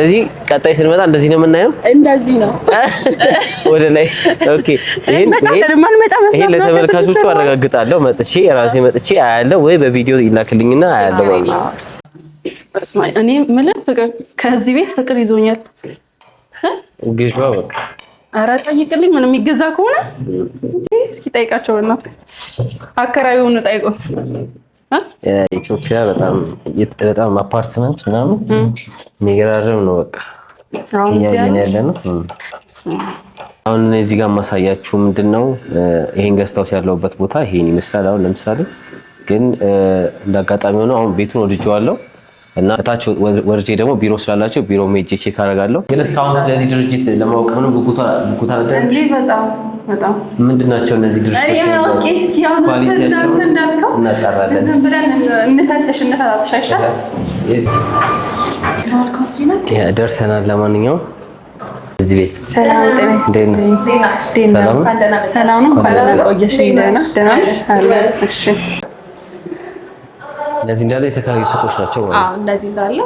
ስለዚህ ቀጣይ ስንመጣ እንደዚህ ነው የምናየው። እንደዚህ ነው ወደ ላይ ኦኬ። ይሄን ይሄን ለተመልካቾቹ አረጋግጣለሁ። መጥቼ ራሴ መጥቼ አያለሁ ወይ በቪዲዮ ይላክልኝና አያለሁ ማለት ነው። እኔ የምልህ ፍቅር ከዚህ ቤት ፍቅር ይዞኛል። ግዥዋ በቃ ኧረ ጠይቅልኝ። ምን የሚገዛ ከሆነ እስኪ ጠይቃቸው። በእናትህ አከራዩን ጠይቀው። ኢትዮጵያ በጣም አፓርትመንት ምናምን የሚገራርም ነው። በቃ እያየን ያለ ነው። አሁን እዚህ ጋር ማሳያችሁ ምንድን ነው ይሄን ገስታውስ ያለውበት ቦታ ይሄን ይመስላል። አሁን ለምሳሌ ግን እንዳጋጣሚ ሆነ አሁን ቤቱን ወድጀዋለሁ እና እታች ወርጄ ደግሞ ቢሮ ስላላቸው ቢሮ ሜጄ ቼክ አደርጋለሁ። ግን እስካሁን ስለዚህ ድርጅት ለማወቅ ምንም ጉጉታ ጉጉታ በጣም በጣም ምንድን ናቸው እነዚህ ድርጅቶች እንዳልከው እናጣራለን እንፈትሽ ደርሰናል። ለማንኛውም እዚህ ቤት ሰላም ጤና ሰላም ቆየሽ ደህና ደህና እነዚህ እንዳለ የተከራዩ ሱቆች ናቸው ማለት ነው። እነዚህ እንዳለ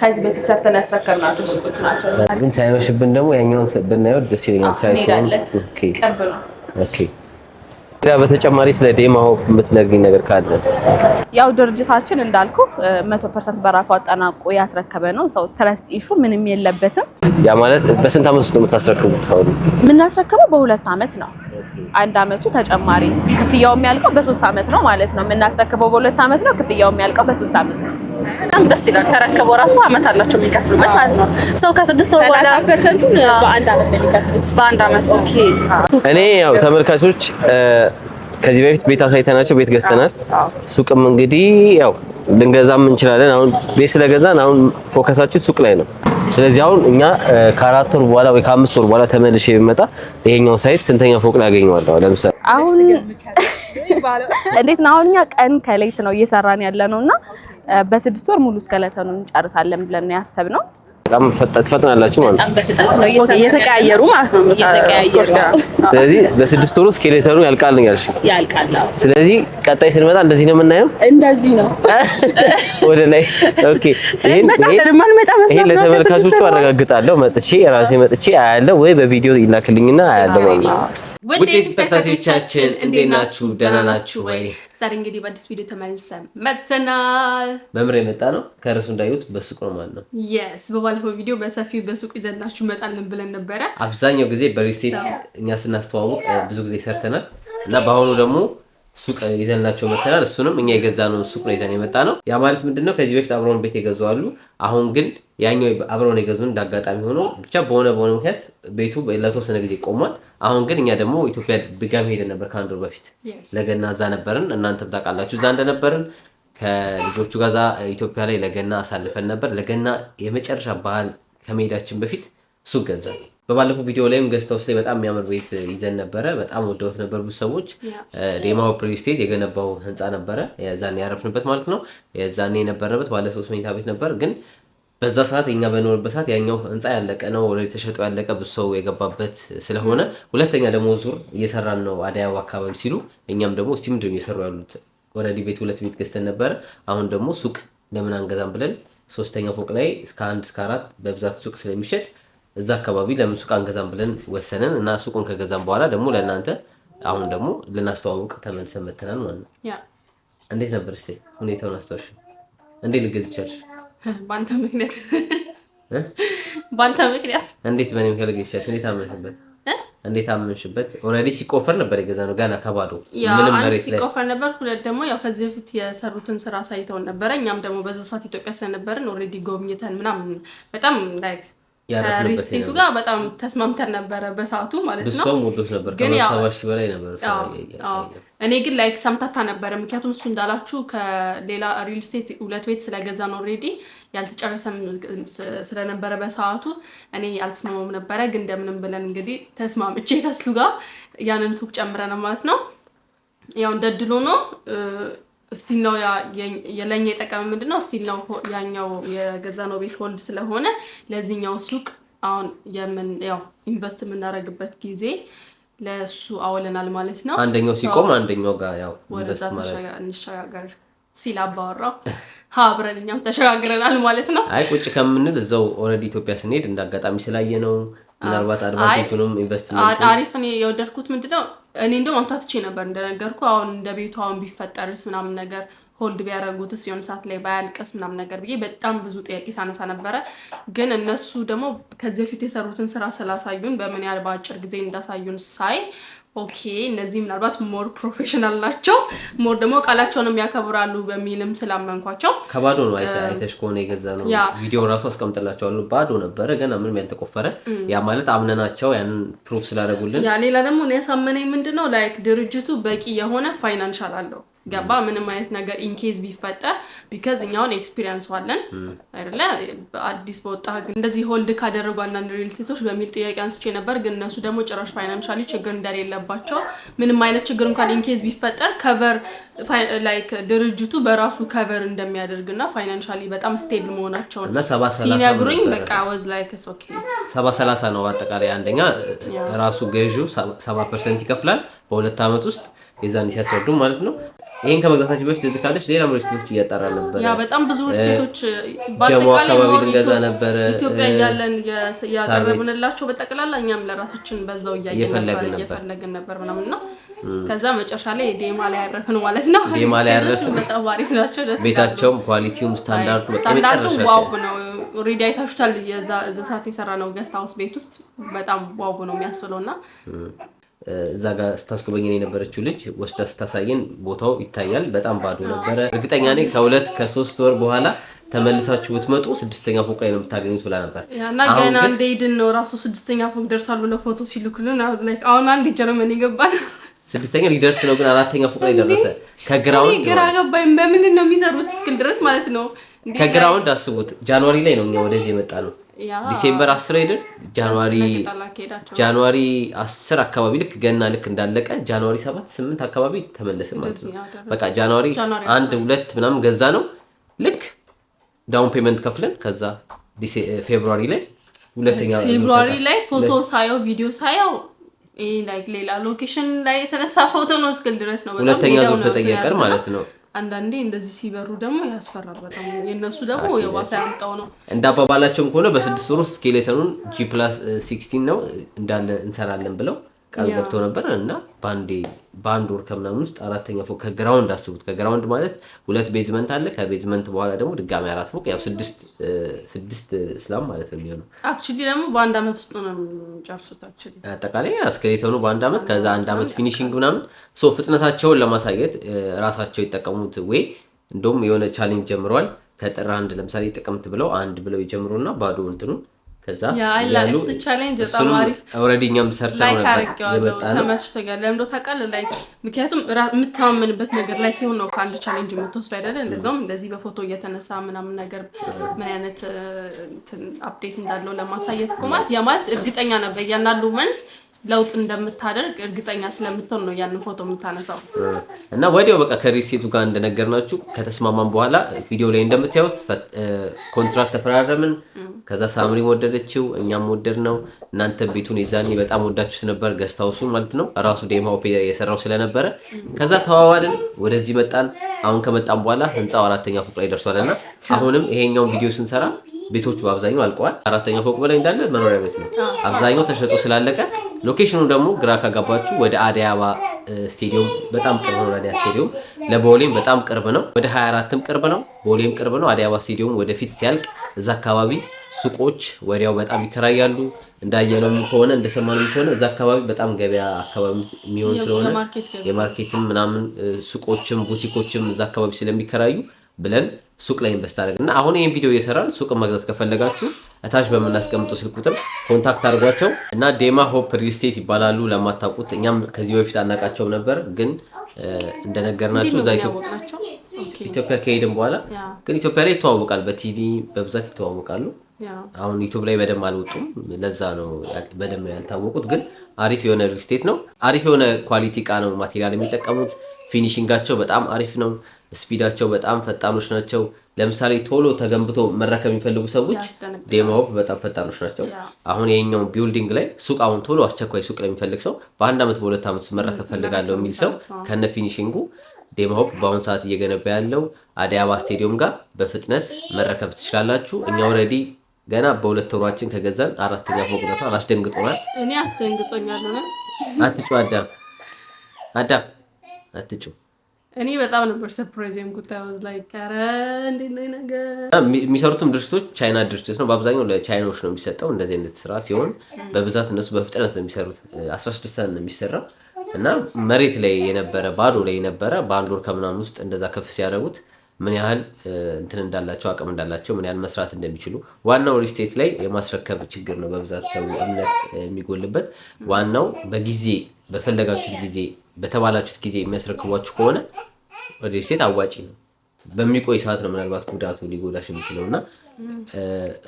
ከዚህ በፊት ሰርተን ያስረከርናቸው ሱቆች ናቸው። ግን ሳይመሽብን ደግሞ ያኛውን ብናየው ደስ ይለኛል። ሳይት ኦኬ፣ ቅርብ ነው። ኦኬ ያ በተጨማሪ ስለ ዴማ ሆፕ የምትነግሪኝ ነገር ካለ? ያው ድርጅታችን እንዳልኩ 100% በራሱ አጠናቆ ያስረከበ ነው። ሰው ትረስት ኢሹ ምንም የለበትም። ያ ማለት በስንት አመት ውስጥ የምታስረክቡት? አሁን የምናስረክበው በሁለት አመት ነው። አንድ አመቱ ተጨማሪ ክፍያው የሚያልቀው በሶስት አመት ነው ማለት ነው። የምናስረክበው በሁለት አመት ነው። ክፍያው የሚያልቀው በሶስት አመት ነው። በጣም ደስ ይላል። ተረከበው ራሱ አመት አላቸው የሚከፍሉበት ማለት ነው። ሰው ከስድስት ወር በኋላ ፐርሰንቱን በአንድ አመት የሚከፍሉት በአንድ አመት ኦኬ። እኔ ያው ተመልካቾች ከዚህ በፊት ቤት አሳይተናቸው ቤት ገዝተናል። ሱቅም እንግዲህ ያው ልንገዛም እንችላለን። አሁን ቤት ስለገዛን አሁን ፎከሳችን ሱቅ ላይ ነው። ስለዚህ አሁን እኛ ከአራት ወር በኋላ ወይ ከአምስት ወር በኋላ ተመልሼ ብመጣ ይሄኛው ሳይት ስንተኛ ፎቅ ላይ አገኘዋለሁ? ለምሳሌ አሁን እንዴት ነው? አሁን እኛ ቀን ከሌት ነው እየሰራን ያለ ነው እና በስድስት ወር ሙሉ እስከለተኑ እንጨርሳለን ብለን ያሰብ ነው ያሰብነው። በጣም ትፈጥናላችሁ ማለት ነው። እየተቀያየሩ ማለት ነው። ስለዚህ በስድስት ወር ስኬሌተሩ ያልቃል ያልሽ? ያልቃል። ስለዚህ ቀጣይ ስንመጣ እንደዚህ ነው የምናየው። እንደዚህ ነው ወደ ላይ። ኦኬ። ይሄን ለተመልካቾቹ አረጋግጣለሁ። መጥቼ ራሴ መጥቼ አያለሁ ወይ በቪዲዮ ይላክልኝና አያለሁ ማለት ነው። ውዴት ተከታታዮቻችን እንዴት ናችሁ? ደህና ናችሁ ወይ? ዛሬ እንግዲህ በአዲስ ቪዲዮ ተመልሰን መጥተናል። መምር የመጣ ነው ከርሱ እንዳዩት በሱቅ ነው ማለት ነው። የስ በባለፈው ቪዲዮ በሰፊው በሱቅ ይዘናችሁ መጣልን ብለን ነበረ። አብዛኛው ጊዜ በሪስቴት እኛ ስናስተዋውቅ ብዙ ጊዜ ሰርተናል እና በአሁኑ ደግሞ ሱቅ ይዘንላቸው መተናል። እሱንም እኛ የገዛ ነው ሱቅ ነው ይዘን የመጣ ነው። ያ ማለት ምንድን ነው? ከዚህ በፊት አብረውን ቤት የገዙ አሉ። አሁን ግን ያኛው አብረውን የገዙን እንዳጋጣሚ ሆኖ ብቻ በሆነ በሆነ ምክንያት ቤቱ ለተወሰነ ጊዜ ቆሟል። አሁን ግን እኛ ደግሞ ኢትዮጵያ ድጋሚ ሄደን ነበር ከአንድ ወር በፊት ለገና እዛ ነበርን። እናንተም ታውቃላችሁ እዛ እንደነበርን ከልጆቹ ጋር እዛ ኢትዮጵያ ላይ ለገና አሳልፈን ነበር። ለገና የመጨረሻ ባህል ከመሄዳችን በፊት ሱቅ ገዛል። በባለፈው ቪዲዮ ላይም ገስት ሃውስ ላይ በጣም የሚያምር ቤት ይዘን ነበረ። በጣም ወደውት ነበር ብዙ ሰዎች። ሌማው ፕሪስቴት የገነባው ህንፃ ነበረ፣ የዛኔ ያረፍንበት ማለት ነው። የዛኔ የነበረበት ባለ ሶስት መኝታ ቤት ነበር ግን በዛ ሰዓት እኛ በኖርበት ሰዓት ያኛው ህንፃ ያለቀ ነው ወደ ተሸጦ ያለቀ ብዙ ሰው የገባበት ስለሆነ ሁለተኛ ደግሞ ዙር እየሰራን ነው አዲስ አበባ አካባቢ ሲሉ እኛም ደግሞ እስቲ ምንድን እየሰሩ ያሉት ወረዲ ቤት ሁለት ቤት ገዝተን ነበረ። አሁን ደግሞ ሱቅ ለምን አንገዛም ብለን ሶስተኛ ፎቅ ላይ እስከ አንድ እስከ አራት በብዛት ሱቅ ስለሚሸጥ እዛ አካባቢ ለምን ሱቅ አንገዛም ብለን ወሰንን እና ሱቁን ከገዛም በኋላ ደግሞ ለእናንተ አሁን ደግሞ ልናስተዋውቅ ተመልሰን መተናል ማለት ነው። እንዴት ነበር ስ ሁኔታውን አስታውሽ? እንዴት ልገዝ ይቻል? በአንተ ምክንያት በአንተ ምክንያት እንዴት በእኔ ምክንያት ልገዝ ይቻልሽ? እንዴት አመንሽበት? እንዴት አመንሽበት? ኦልሬዲ ሲቆፈር ነበር የገዛ ነው ገና ከባዶ ምንም መሬት ሲቆፈር ነበር። ሁለት ደግሞ ያው ከዚህ በፊት የሰሩትን ስራ ሳይተውን ነበረ። እኛም ደግሞ በዛ ሰዓት ኢትዮጵያ ስለነበርን ኦልሬዲ ጎብኝተን ምናምን በጣም ላይክ ሪስቴቱ ጋር በጣም ተስማምተን ነበረ በሰዓቱ ማለት ነው። በላይ ነበር። እኔ ግን ላይክ ሰምታታ ነበረ። ምክንያቱም እሱ እንዳላችሁ ከሌላ ሪል ስቴት ሁለት ቤት ስለገዛ ነው ኦልሬዲ ያልተጨረሰም ስለነበረ በሰዓቱ እኔ አልተስማማም ነበረ። ግን እንደምንም ብለን እንግዲህ ተስማምቼ ከሱ ጋር ያንን ሱቅ ጨምረን ማለት ነው ያው እንደድሎ ነው ስቲል ነው ለእኛ የጠቀመ ምንድን ነው ስቲል ነው ያኛው የገዛ ነው ቤት ሆልድ ስለሆነ ለዚህኛው ሱቅ አሁን ያው ኢንቨስት የምናደርግበት ጊዜ ለእሱ አውለናል ማለት ነው። አንደኛው ሲቆም አንደኛው ጋር ያው ወደዛ እንሸጋገር ሲል አባወራው አብረን እኛም ተሸጋግረናል ማለት ነው። አይ ቁጭ ከምንል እዛው ኦልሬዲ ኢትዮጵያ ስንሄድ እንደ አጋጣሚ ስላየ ነው ምናልባት አድቫንቴጁንም ኢንቨስትመንት አሪፍ የወደድኩት ምንድነው እኔ እንደውም አምታትቼ ነበር እንደነገርኩ አሁን እንደ ቤቱ አሁን ቢፈጠርስ ምናምን ነገር ሆልድ ቢያደረጉትስ የሆነ ሰዓት ላይ ባያልቀስ ምናምን ነገር ብዬ በጣም ብዙ ጥያቄ ሳነሳ ነበረ። ግን እነሱ ደግሞ ከዚህ በፊት የሰሩትን ስራ ስላሳዩን በምን ያህል በአጭር ጊዜ እንዳሳዩን ሳይ ኦኬ እነዚህ ምናልባት ሞር ፕሮፌሽናል ናቸው፣ ሞር ደግሞ ቃላቸውንም ያከብራሉ በሚልም ስላመንኳቸው ከባዶ ነው። አይተሽ ከሆነ የገዛ ነው ቪዲዮ ራሱ አስቀምጥላቸዋሉ። ባዶ ነበረ ገና ምንም ያልተቆፈረ። ያ ማለት አምነናቸው ያንን ፕሩፍ ስላደረጉልን። ያ ሌላ ደግሞ እኔ ያሳመነኝ ምንድን ነው ላይክ ድርጅቱ በቂ የሆነ ፋይናንሻል አለው። ገባ ምንም አይነት ነገር ኢንኬዝ ቢፈጠር ቢካዝ እኛውን ኤክስፒሪየንስ አለን አይደለ አዲስ በወጣ ህግ እንደዚህ ሆልድ ካደረጉ አንዳንድ ሪል ስቴቶች በሚል ጥያቄ አንስቼ ነበር። ግን እነሱ ደግሞ ጭራሽ ፋይናንሻሊ ችግር እንደሌለባቸው ምንም አይነት ችግር እንኳን ኢንኬዝ ቢፈጠር ከቨር ላይክ ድርጅቱ በራሱ ከቨር እንደሚያደርግና ፋይናንሻሊ በጣም ስቴብል መሆናቸውን ሲነግሩኝ በቃ ወዝ ላይክ ኦኬ ሰባ ሰላሳ ነው በአጠቃላይ አንደኛ ራሱ ገዢው ሰባ ፐርሰንት ይከፍላል በሁለት ዓመት ውስጥ የዛን ሲያስረዱ ማለት ነው። ይህን ከመግዛታችን በፊት እዚህ ካለች ሌላ ምርት ቤቶች እያጣራ ነበር። ያ በጣም ብዙ ምርት ጀሞ አካባቢ ልንገዛ ነበረ። ኢትዮጵያ እያለን ያቀረብንላቸው በጠቅላላ እኛም ለራሳችን በዛው እያየእየፈለግን ነበር ምናምን እና ከዛ መጨረሻ ላይ ዴማ ላይ ያረፍን ማለት ነው። ዴማ ላይ ያረፍን በጣም አሪፍ ናቸው። ቤታቸውም ኳሊቲውም ስታንዳርዱ ስታንዳርዱ ዋው ነው። ኦልሬዲ አይታችሁታል። እዛ ሰዓት የሰራ ነው ገስት ሀውስ ቤት ውስጥ በጣም ዋው ነው የሚያስብለው እና እዛ ጋር ስታስጎበኘን የነበረችው ልጅ ወስዳ ስታሳየን ቦታው ይታያል። በጣም ባዶ ነበረ። እርግጠኛ ነኝ ከሁለት ከሶስት ወር በኋላ ተመልሳችሁ ብትመጡ ስድስተኛ ፎቅ ላይ ነው የምታገኙት ብላ ነበር እና ገና እንደ ሄድን ነው ራሱ ስድስተኛ ፎቅ ደርሳል ብለው ፎቶ ሲልኩልን አሁን አንድ ጀርመን ይገባል ስድስተኛ ሊደርስ ነው ግን አራተኛ ፎቅ ላይ ደረሰ። ከግራውንድ ግራ ገባኝ። በምንድን ነው የሚሰሩት እስክል ድረስ ማለት ነው። ከግራውንድ አስቡት። ጃንዋሪ ላይ ነው እኛ ወደዚህ የመጣ ነው ዲሴምበር አስር ሄደን ጃንዋሪ አስር አካባቢ ልክ ገና ልክ እንዳለቀ ጃንዋሪ ሰባት ስምንት አካባቢ ተመለስን ማለት ነው። በቃ ጃንዋሪ አንድ ሁለት ምናምን ገዛ ነው ልክ ዳውን ፔመንት ከፍለን ከዛ ፌብሩዋሪ ላይ ሁለተኛ ፌብሩዋሪ ላይ ፎቶ ሳየው ቪዲዮ ሳየው ሌላ ሎኬሽን ላይ የተነሳ ፎቶ ነው እስክል ድረስ ነው ሁለተኛ ዙር ተጠየቀን ማለት ነው። አንዳንዴ እንደዚህ ሲበሩ ደግሞ ያስፈራል በጣም የእነሱ ደግሞ የባሰ ያምጣው ነው። እንደ አባባላቸውም ከሆነ በስድስት ወር ውስጥ ስኬሌተኑን ጂ ፕላስ ሲክስቲን ነው እንዳለ እንሰራለን ብለው ቃል ገብቶ ነበረ እና በአንዴ በአንድ ወር ከምናምን ውስጥ አራተኛ ፎቅ ከግራውንድ አስቡት። ከግራውንድ ማለት ሁለት ቤዝመንት አለ። ከቤዝመንት በኋላ ደግሞ ድጋሚ አራት ፎቅ ያው ስድስት ስላም ማለት ነው የሚሆነው። አክቹዋሊ ደግሞ በአንድ አመት ውስጥ ነው የሚጨርሱት። አጠቃላይ አስከሌት ሆኖ በአንድ ዓመት ከዛ አንድ አመት ፊኒሽንግ ምናምን ሶ ፍጥነታቸውን ለማሳየት ራሳቸው የጠቀሙት ወይ እንደውም የሆነ ቻሌንጅ ጀምረዋል። ከጥር አንድ ለምሳሌ ጥቅምት ብለው አንድ ብለው ይጀምሩና ባዶ እንትኑን ከዛ ኦልሬዲ እኛም ሰርተን ተመችቶኛል። ለምዶ ላይ ምክንያቱም ነገር ላይ ሲሆን ነው ከአንድ ቻሌንጅ የምትወስዱ አይደለ? እንደዚያውም እንደዚህ በፎቶ እየተነሳ ምናምን ነገር ምን አይነት አፕዴት እንዳለው ለማሳየት እኮ ማለት እርግጠኛ ነበር እያንዳንዱ መንስ ለውጥ እንደምታደርግ እርግጠኛ ስለምትሆን ነው ያንን ፎቶ የምታነሳው። እና ወዲያው በቃ ከሪሴቱ ጋር እንደነገርናችሁ ከተስማማን በኋላ ቪዲዮ ላይ እንደምታዩት ኮንትራት ተፈራረምን። ከዛ ሳምሪ ወደደችው፣ እኛም ወደድ ነው። እናንተ ቤቱን የዛኔ በጣም ወዳችሁት ነበር፣ ገስታውሱ ማለት ነው። ራሱ ዴማ የሰራው ስለነበረ ከዛ ተዋዋልን፣ ወደዚህ መጣን። አሁን ከመጣን በኋላ ህንፃው አራተኛ ፎቅ ላይ ደርሷል እና አሁንም ይሄኛውን ቪዲዮ ስንሰራ ቤቶቹ አብዛኛው አልቀዋል። አራተኛ ፎቅ በላይ እንዳለ መኖሪያ ቤት ነው። አብዛኛው ተሸጦ ስላለቀ ሎኬሽኑ ደግሞ ግራ ካጋባችሁ ወደ አዲስ አበባ ስቴዲየም በጣም ቅርብ ነው። አዲስ ስቴዲየም ለቦሌም በጣም ቅርብ ነው። ወደ 24ም ቅርብ ነው። ቦሌም ቅርብ ነው። አዲስ አበባ ስቴዲየም ወደፊት ሲያልቅ እዛ አካባቢ ሱቆች ወዲያው በጣም ይከራያሉ። እንዳየነው ከሆነ እንደሰማነው ከሆነ እዛ አካባቢ በጣም ገበያ አካባቢ የሚሆን ስለሆነ የማርኬትም ምናምን ሱቆችም ቡቲኮችም እዛ አካባቢ ስለሚከራዩ ብለን ሱቅ ላይ ኢንቨስት አድርግ እና አሁን ይህን ቪዲዮ እየሰራል ሱቅ መግዛት ከፈለጋችሁ እታች በምናስቀምጠው ስልክ ቁጥር ኮንታክት አድርጓቸው እና ዴማ ሆፕ ሪልስቴት ይባላሉ። ለማታውቁት እኛም ከዚህ በፊት አናውቃቸውም ነበር፣ ግን እንደነገርናቸው እዛ ኢትዮጵያ ከሄድን በኋላ ግን ኢትዮጵያ ላይ ይተዋወቃል፣ በቲቪ በብዛት ይተዋወቃሉ። አሁን ዩቱብ ላይ በደንብ አልወጡም። ለዛ ነው በደንብ ያልታወቁት። ግን አሪፍ የሆነ ሪልስቴት ነው። አሪፍ የሆነ ኳሊቲ እቃ ነው ማቴሪያል የሚጠቀሙት። ፊኒሽንጋቸው በጣም አሪፍ ነው። ስፒዳቸው በጣም ፈጣኖች ናቸው። ለምሳሌ ቶሎ ተገንብቶ መረከብ የሚፈልጉ ሰዎች ዴማሆፕ በጣም ፈጣኖች ናቸው። አሁን ይሄኛውን ቢውልዲንግ ላይ ሱቅ፣ አሁን ቶሎ አስቸኳይ ሱቅ ለሚፈልግ ሰው በአንድ ዓመት በሁለት ዓመት ውስጥ መረከብ ፈልጋለሁ የሚል ሰው ከነ ፊኒሽንጉ ዴማሆፕ በአሁኑ ሰዓት እየገነባ ያለው አደይ አበባ ስቴዲየም ጋር በፍጥነት መረከብ ትችላላችሁ። እኛ ኦልሬዲ ገና በሁለት ወሯችን ከገዛን አራተኛ ፎቅ ደርሷል። አስደንግጦናል። እኔ አስደንግጦኛል። አትጩ አዳም፣ አዳም አትጩ እኔ በጣም ነበር ሰርፕራይዝ የሆንኩት። ላይክ ኧረ እንዴት ነው ነገር የሚሰሩትም ድርጅቶች ቻይና ድርጅት ነው በአብዛኛው ለቻይናዎች ነው የሚሰጠው እንደዚህ አይነት ስራ ሲሆን በብዛት እነሱ በፍጥነት ነው የሚሰሩት። አስራ ስድስት ነው የሚሰራው እና መሬት ላይ የነበረ ባዶ ላይ የነበረ በአንድ ወር ከምናምን ውስጥ እንደዛ ከፍ ሲያደረጉት ምን ያህል እንትን እንዳላቸው አቅም እንዳላቸው ምን ያህል መስራት እንደሚችሉ ዋናው ሪስቴት ላይ የማስረከብ ችግር ነው በብዛት ሰው እምነት የሚጎልበት ዋናው በጊዜ በፈለጋችሁት ጊዜ በተባላችሁት ጊዜ የሚያስረክቧችሁ ከሆነ ሪል ስቴት አዋጪ ነው። በሚቆይ ሰዓት ነው ምናልባት ጉዳቱ ሊጎዳሽ የሚችለው እና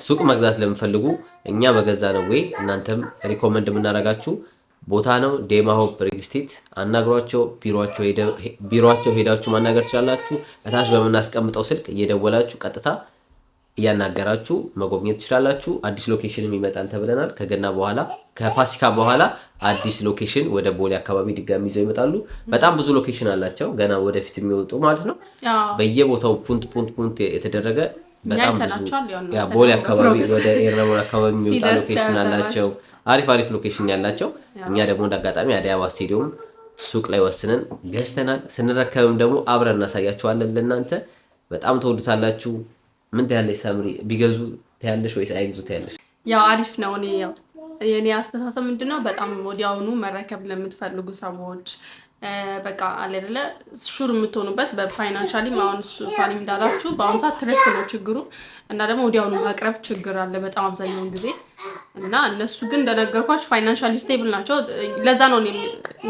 ሱቅ መግዛት ለምፈልጉ እኛ በገዛ ነው ወይ እናንተም ሪኮመንድ የምናደርጋችሁ ቦታ ነው። ዴማሆፕ ሪልስቴት አናግሯቸው። ቢሮቸው ሄዳችሁ ማናገር ትችላላችሁ። እታች በምናስቀምጠው ስልክ እየደወላችሁ ቀጥታ እያናገራችሁ መጎብኘት ትችላላችሁ። አዲስ ሎኬሽንም ይመጣል ተብለናል። ከገና በኋላ ከፋሲካ በኋላ አዲስ ሎኬሽን ወደ ቦሌ አካባቢ ድጋሚ ይዘው ይመጣሉ። በጣም ብዙ ሎኬሽን አላቸው ገና ወደፊት የሚወጡ ማለት ነው። በየቦታው ፑንት ፑንት ፑንት የተደረገ በጣም ብዙ ቦሌ አካባቢ ወደ ኤረሞን አካባቢ የሚወጣ ሎኬሽን አላቸው። አሪፍ አሪፍ ሎኬሽን ያላቸው እኛ ደግሞ እንደ አጋጣሚ አዲስ አበባ ስቴዲየም ሱቅ ላይ ወስነን ገዝተናል። ስንረከብም ደግሞ አብረን እናሳያቸዋለን። ለእናንተ በጣም ተወዱታላችሁ። ምን ትያለሽ ሳምሪ? ቢገዙ ትያለሽ ወይስ አይግዙ ትያለሽ? ያው አሪፍ ነው። እኔ ያው የኔ አስተሳሰብ ምንድን ነው በጣም ወዲያውኑ መረከብ ለምትፈልጉ ሰዎች በቃ አለለ ሹር የምትሆኑበት በፋይናንሻሊ አሁን ሱፋን እንዳላችሁ በአሁኑ ሰዓት ትረስት ነው ችግሩ እና ደግሞ ወዲያውኑ ማቅረብ ችግር አለ በጣም አብዛኛውን ጊዜ እና እነሱ ግን እንደነገርኳቸው ፋይናንሻሊ ስቴብል ናቸው። ለዛ ነው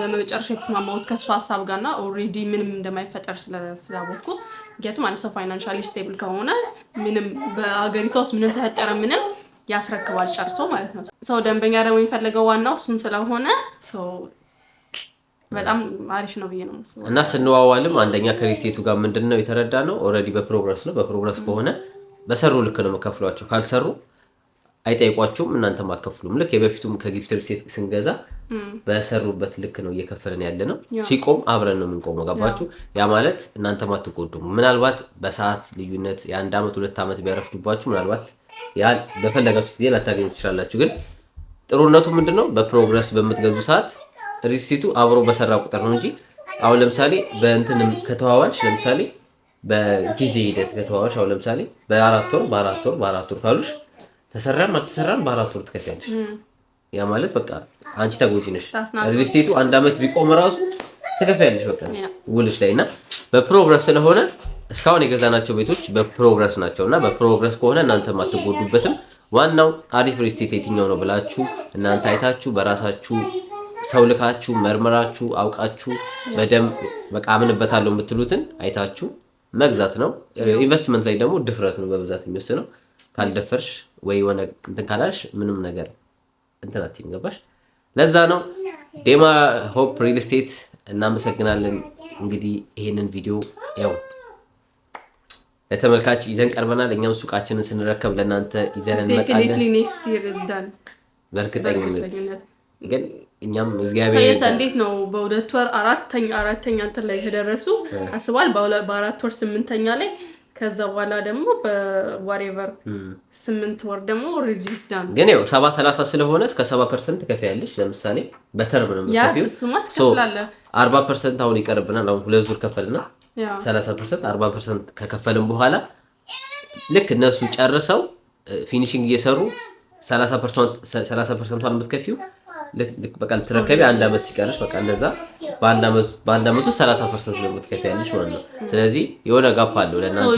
ለመጨረሻ የተስማማሁት ከእሱ ሀሳብ ጋር እና ኦልሬዲ ምንም እንደማይፈጠር ስላወቅኩ፣ ምክንያቱም አንድ ሰው ፋይናንሻሊ ስቴብል ከሆነ ምንም በሀገሪቷ ውስጥ ምንም ተፈጠረ ምንም ያስረክባል ጨርሶ ማለት ነው። ሰው ደንበኛ ደግሞ የሚፈልገው ዋናው እሱን ስለሆነ ሰው በጣም አሪፍ ነው ብዬ ነው የማስበው። እና ስንዋዋልም አንደኛ ከሪስቴቱ ጋር ምንድን ነው የተረዳ ነው ኦልሬዲ በፕሮግረስ ነው። በፕሮግረስ ከሆነ በሰሩ ልክ ነው መከፍሏቸው ካልሰሩ አይጠይቋችሁም፣ እናንተም አትከፍሉም። ልክ የበፊቱም ከጊፍት ሴት ስንገዛ በሰሩበት ልክ ነው እየከፈልን ያለ ነው። ሲቆም አብረን ነው የምንቆመው። ገባችሁ? ያ ማለት እናንተም አትጎዱም። ምናልባት በሰዓት ልዩነት የአንድ ዓመት ሁለት ዓመት ቢያረፍዱባችሁ ምናልባት በፈለጋችሁ በፈለጋችሁት ጊዜ ላታገኙ ትችላላችሁ። ግን ጥሩነቱ ምንድን ነው? በፕሮግረስ በምትገዙ ሰዓት ሪሲቱ አብሮ በሰራ ቁጥር ነው እንጂ አሁን ለምሳሌ በእንትንም ከተዋዋልሽ ለምሳሌ በጊዜ ሂደት ከተዋዋልሽ አሁን ለምሳሌ በአራት ወር በአራት ወር በአራት ወር ካሉሽ ተሰራም አልተሰራም በአራት ወር ትከፍያለሽ። ያ ማለት በቃ አንቺ ተጎጂ ነሽ። ሪል ስቴቱ አንድ አመት ቢቆም ራሱ ትከፍያለሽ በቃ ውልሽ ላይ እና በፕሮግረስ ስለሆነ እስካሁን የገዛናቸው ቤቶች በፕሮግረስ ናቸው እና በፕሮግረስ ከሆነ እናንተ አትጎዱበትም። ዋናው አሪፍ ሪል ስቴት የትኛው ነው ብላችሁ እናንተ አይታችሁ በራሳችሁ ሰው ልካችሁ መርመራችሁ አውቃችሁ በደንብ በቃ አምንበታለሁ የምትሉትን አይታችሁ መግዛት ነው። ኢንቨስትመንት ላይ ደግሞ ድፍረት ነው በብዛት የሚወስነው። ካልደፈርሽ ወይ ሆነ እንትን ካላልሽ ምንም ነገር እንትናት ገባሽ። ለዛ ነው ዴማ ሆፕ ሪል ስቴት እናመሰግናለን። እንግዲህ ይሄንን ቪዲዮ ያው ለተመልካች ይዘን ቀርበናል። እኛም ሱቃችንን ስንረከብ ለእናንተ ይዘን እንመጣለን በእርግጠኝነት ግን እኛም እግዚአብሔር እንዴት ነው በሁለት ወር አራተኛ አራተኛ እንትን ላይ ከደረሱ አስባል በአራት ወር ስምንተኛ ላይ ከዛ በኋላ ደግሞ በዋሬቨር ስምንት ወር ደግሞ ሪሊዝ ዳ ግን ያው ሰባ ሰላሳ ስለሆነ እስከ ሰባ ፐርሰንት ከፍ ያለች ለምሳሌ በተርም ነው ትከፍላለ አርባ ፐርሰንት አሁን ይቀርብናል። አሁን ሁለት ዙር ከፈልና ሰላሳ ፐርሰንት አርባ ፐርሰንት ከከፈልም በኋላ ልክ እነሱ ጨርሰው ፊኒሽንግ እየሰሩ ሰላሳ ፐርሰንቷን የምትከፊው በቃ ልትረከቢ አንድ ዓመት ሲቀርሽ በቃ እንደዛ በአንድ ዓመቱ ሰላሳ ፐርሰንት ነው የምትከፍያለሽ ማለት ነው። ስለዚህ የሆነ ጋፕ አለው ለእናንተ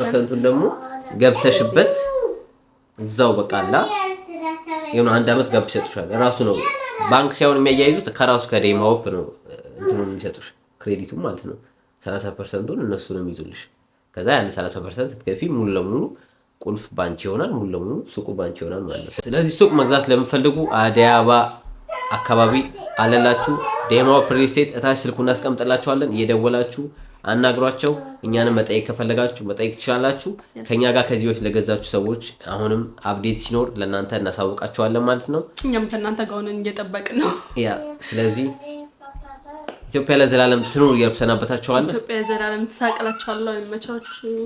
ፐርሰንቱን ደግሞ ገብተሽበት እዛው በቃላ የሆነ አንድ ዓመት ጋፕ ይሰጡሻል። ራሱ ነው ባንክ ሳይሆን የሚያያይዙት ከራሱ ከዴማ ሆፕ ነው እንትኑን የሚሰጡሽ ክሬዲቱ ማለት ነው። ሰላሳ ፐርሰንቱን እነሱ ነው የሚይዙልሽ። ከዛ ያን 30 ፐርሰንት ስትከፊ ሙሉ ለሙሉ ቁልፍ ባንች ይሆናል። ሙሉ ለሙሉ ሱቁ ባንች ይሆናል ማለት ነው። ስለዚህ ሱቅ መግዛት ለምፈልጉ አደይ አበባ አካባቢ አለላችሁ። ዴማ ሪል እስቴት እታች ስልኩ እናስቀምጥላችኋለን። እየደወላችሁ አናግሯቸው። እኛንም መጠየቅ ከፈለጋችሁ መጠየቅ ትችላላችሁ። ከኛ ጋር ከዚህ በፊት ለገዛችሁ ሰዎች አሁንም አፕዴት ሲኖር ለእናንተ እናሳውቃችኋለን ማለት ነው። እኛም ከእናንተ ጋር ሆነን ነው። ያ ስለዚህ ኢትዮጵያ ለዘላለም ትኑር እያልኩ ሰናበታችኋለሁ። ኢትዮጵያ ለዘላለም ትሳቅላችኋለሁ። ይመቻችሁ፣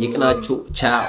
ይቅናችሁ። ቻው